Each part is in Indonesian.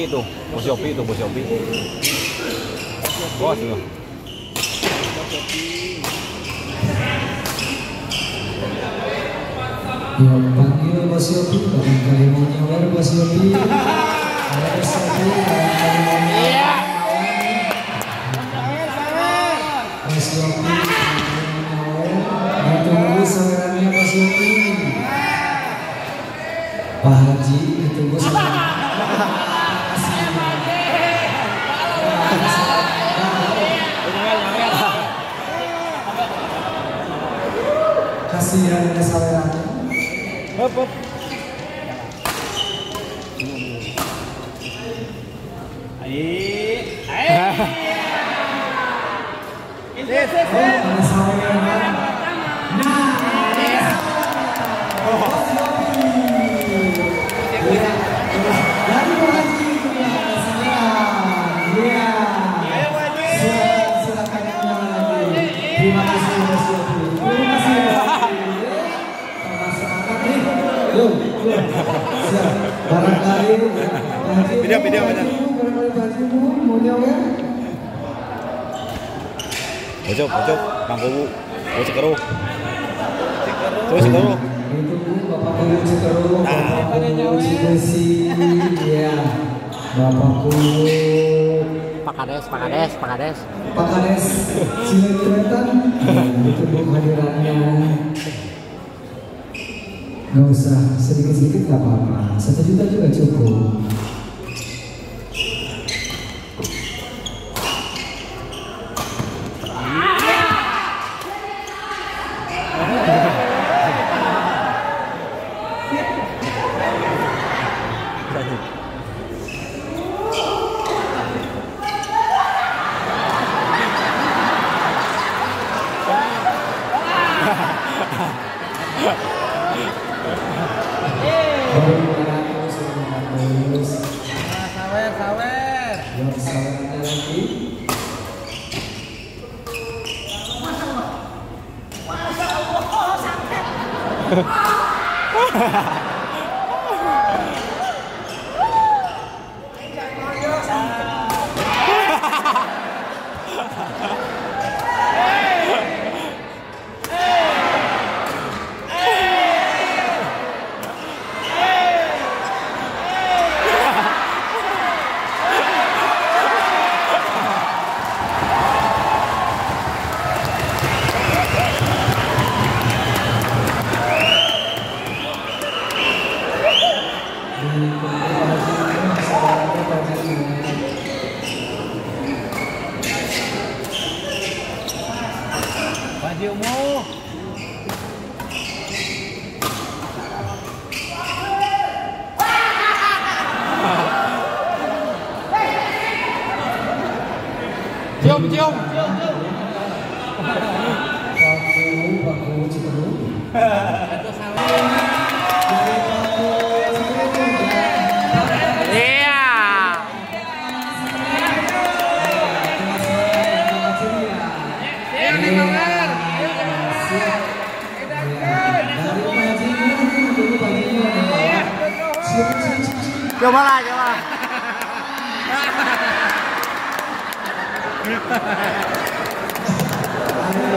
Shopee tuh bos Yopi tuh bos Shopee. bos tuh Yo, panggil Bos Yopi, barangkali mau nyawar Bos Yopi. Ada satu, barangkali mau nyawar. Bos Yopi, iya. ditunggu saudaranya Bos Yopi. Pak Haji, ditunggu saudaranya. kasihan ini saya. Hop hop. Ayo. Ayo. Yes, yes, yes. barangkali video video benar bocok bocok bang kubu bocok Pak Kades, Pak Kades, Pak Kades. Pak Kades, silaturahmi itu hadirannya. Nggak usah, sedikit-sedikit nggak apa-apa. Satu juta juga cukup.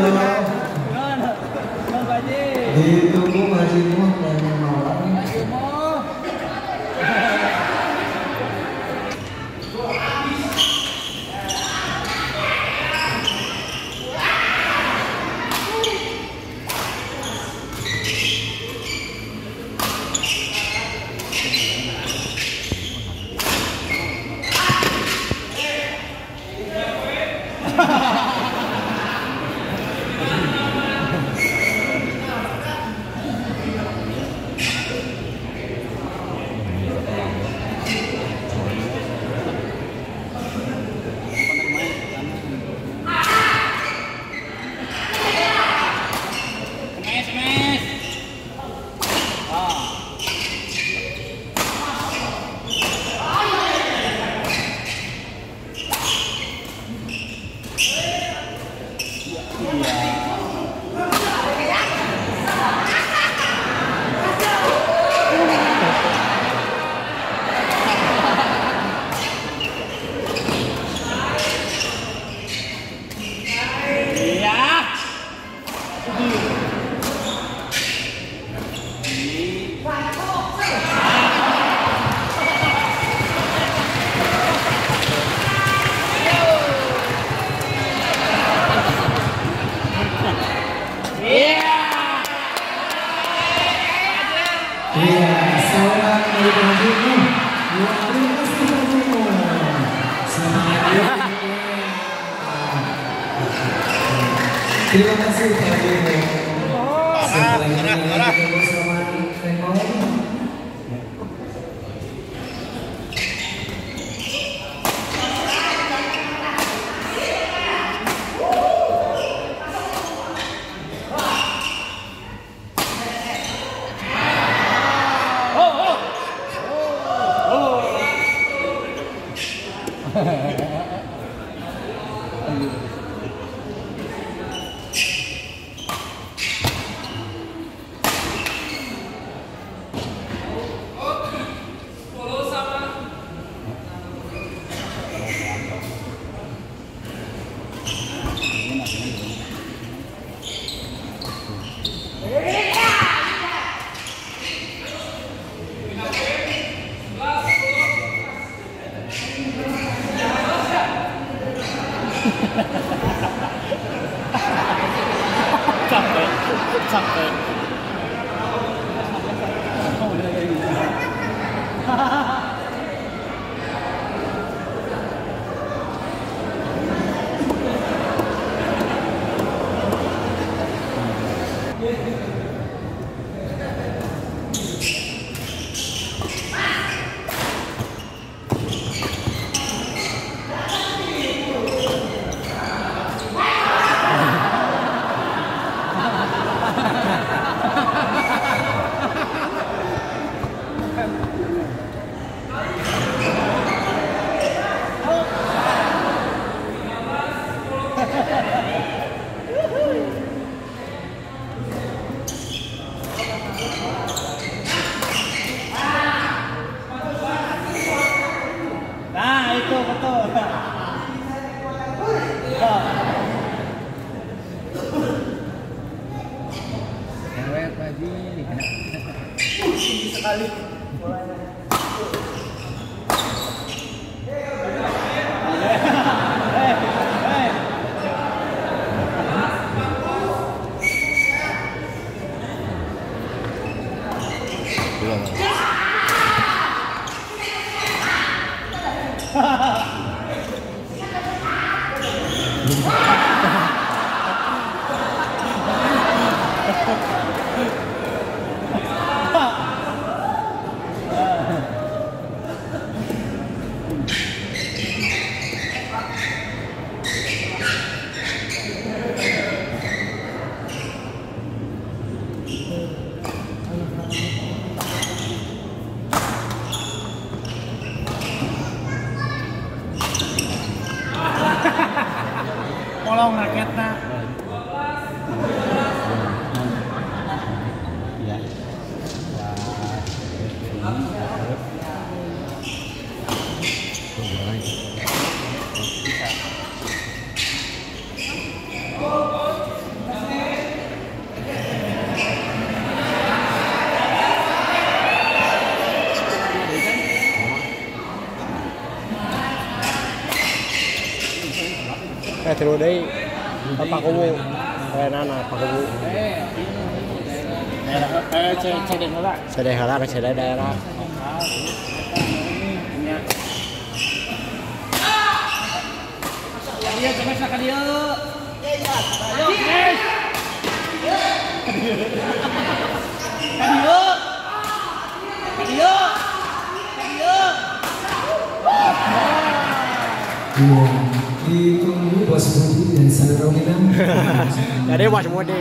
Não, não vai Hello. Hello. Iya, seorang dari Bandung yang terima kasih Bandung. Terima kasih Bandung. 올라가. thế rồi đây Eh, te lo dei a Pacobu. Eh, nana, Pacobu. Eh, eh, ce ce dei hala. Ce dei hala, ce dei dei hala. Iya, coba silakan dia. Jadi bos budi.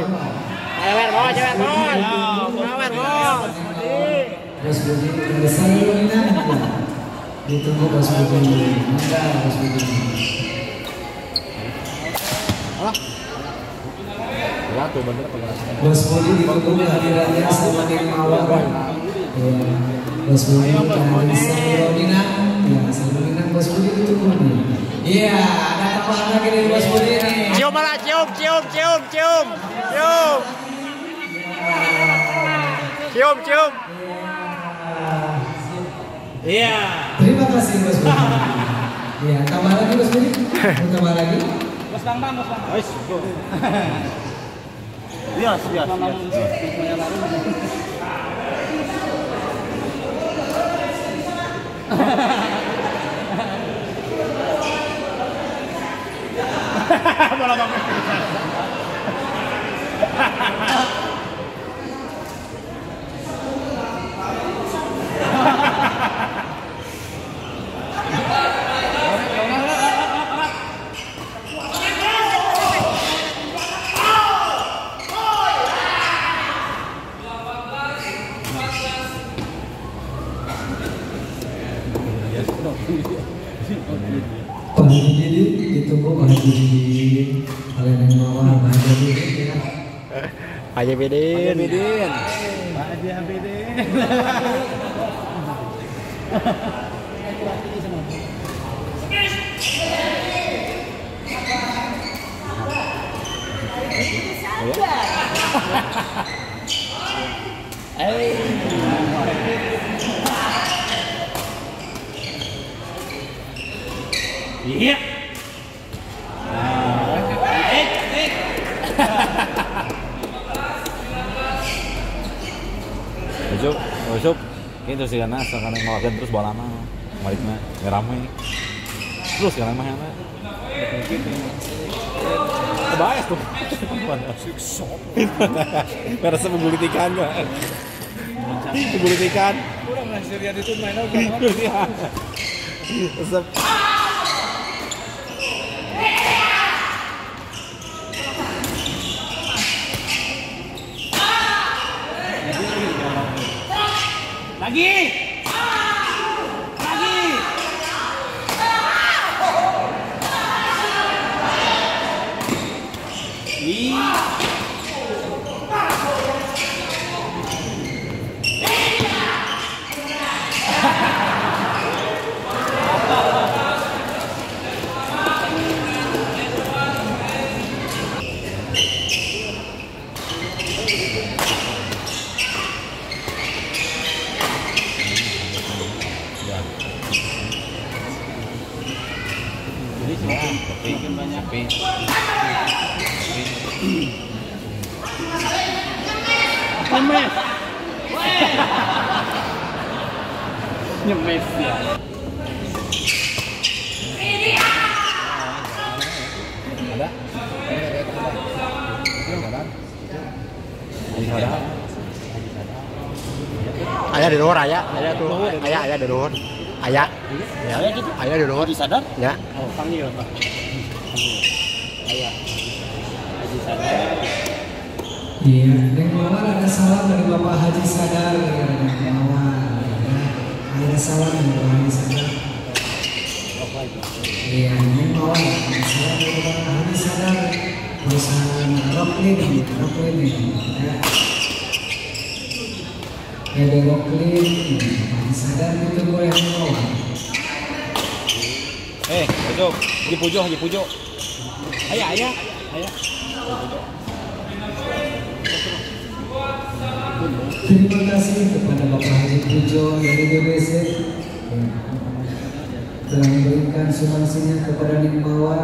Cewek mau, cewek mau, cewek mau. Bos budi dan saudara Minam. Ditunggu bos budi, enggak bos budi. tuh bener Bos Budi ditunggu kehadirannya semakin awal ya. Bos Budi dan Sabrina ya Sabrina Bos Budi ditunggu nih iya ada apa lagi dari Bos Budi nih cium malah cium cium cium cium cium cium cium iya terima kasih Bos Budi iya tambah lagi Bos Budi lagi Bos Bambang, Bos Bambang. 别吃，别吃，别吃。Abidin. Abidin. Pak Haji Abidin. Hey. sih karena sekarang yang ngelakuin terus bawa lama balik ya rame terus sekarang mah enak ya, Kebayas tuh Merasa menggulit ikan gak? Menggulit ikan Udah ngasih lihat itu main udah iya. Resep 你。Golnya Messi. Ada? Ada. Ayah di luar ayah, ayah tuh, ayah ayah di luar, ayah, ya. ayah gitu? ayah di luar, Sadar, ya. Oh, panggil pak, ayah, Haji Sadar. Iya, ada salam dari Bapak Haji Sadar. Ya ada salah yang berani sadar iya, ini yang membawa saya berani sadar perusahaan Rocklin Rocklin ya ada Rocklin sadar itu gue yang membawa eh pojok di pojok di pojok ayah ayah ayah di Terima kasih kepada Bapak Haji Pujo dari BBC telah memberikan sumangsinya kepada Limbawa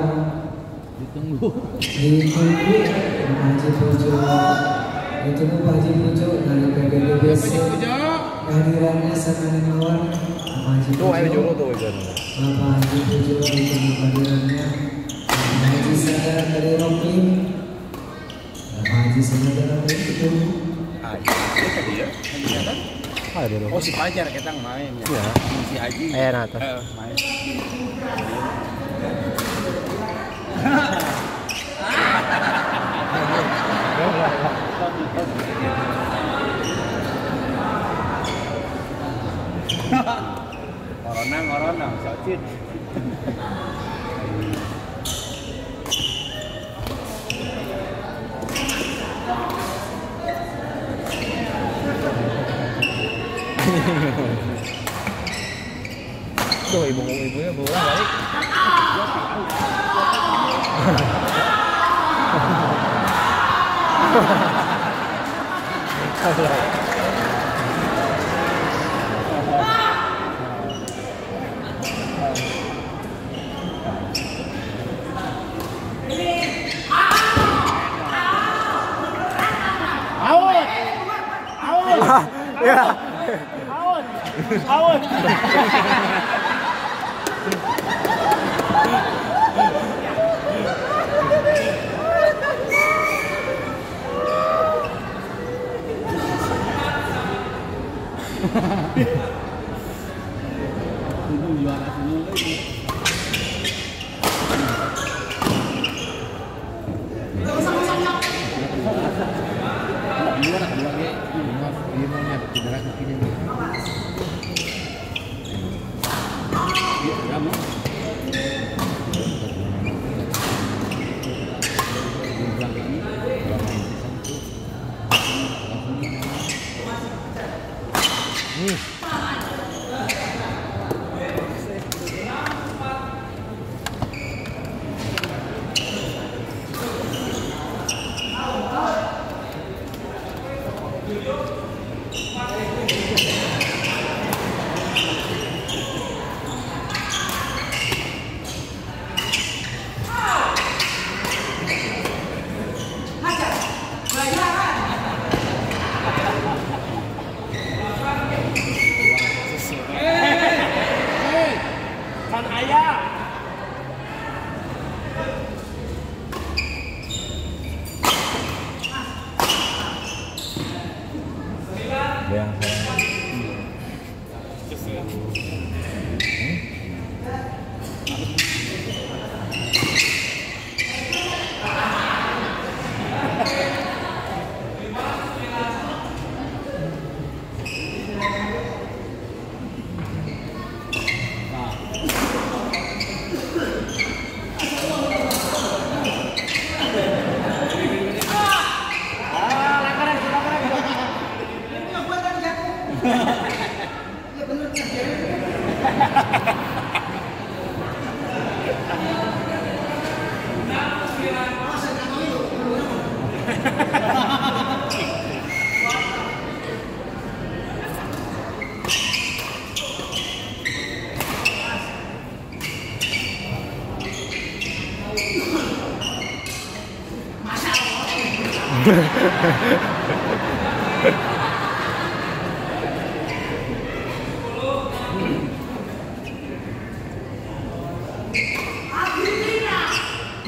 ditunggu ditunggu Bapak Haji Pujo ditunggu Pak Haji Pujo dari BBC kehadirannya sangat Mawar. Bapak Haji Pujo Bapak Haji Pujo ditunggu kehadirannya Bapak Haji Sadar dari Rockling Bapak Haji Sadar dari Rockling Haji ada ya, oh si Fajar kita main ya, iya. si Haji eh nah tuh Corona, corona, sakit. 좀 이거 이거 뭐라 말해? 감사합니다. yeah. Howard. Howard. Ha ha ha.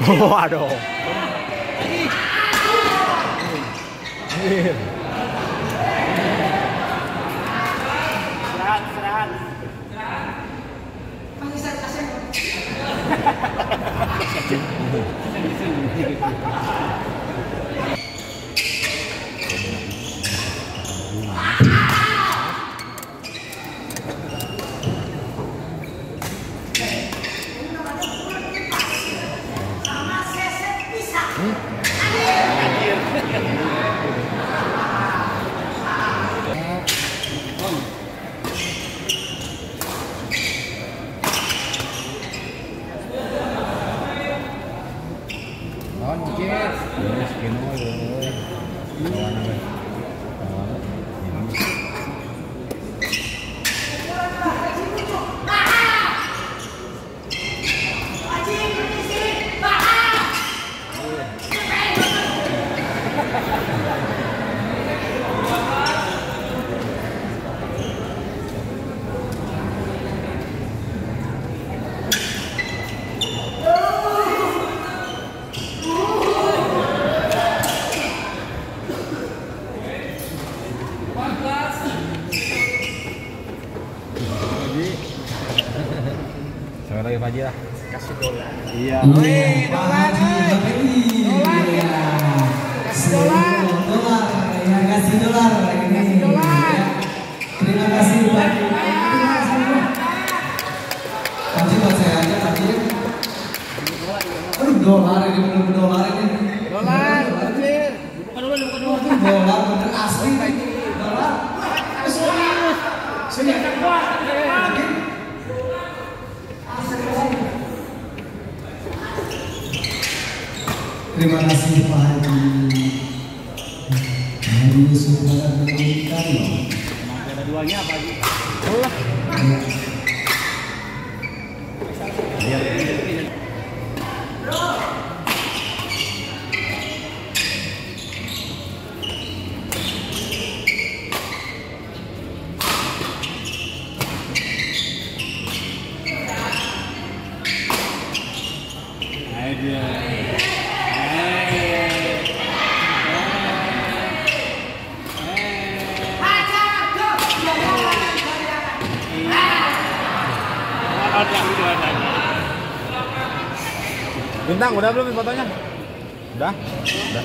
Waduh. Istirahat, istirahat. Hahaha. 你不能说。aja lah kasih dolar iya dolar ya. dolar kasih dolar dolar kasih dolar Bintang, udah belum fotonya? Udah? Udah.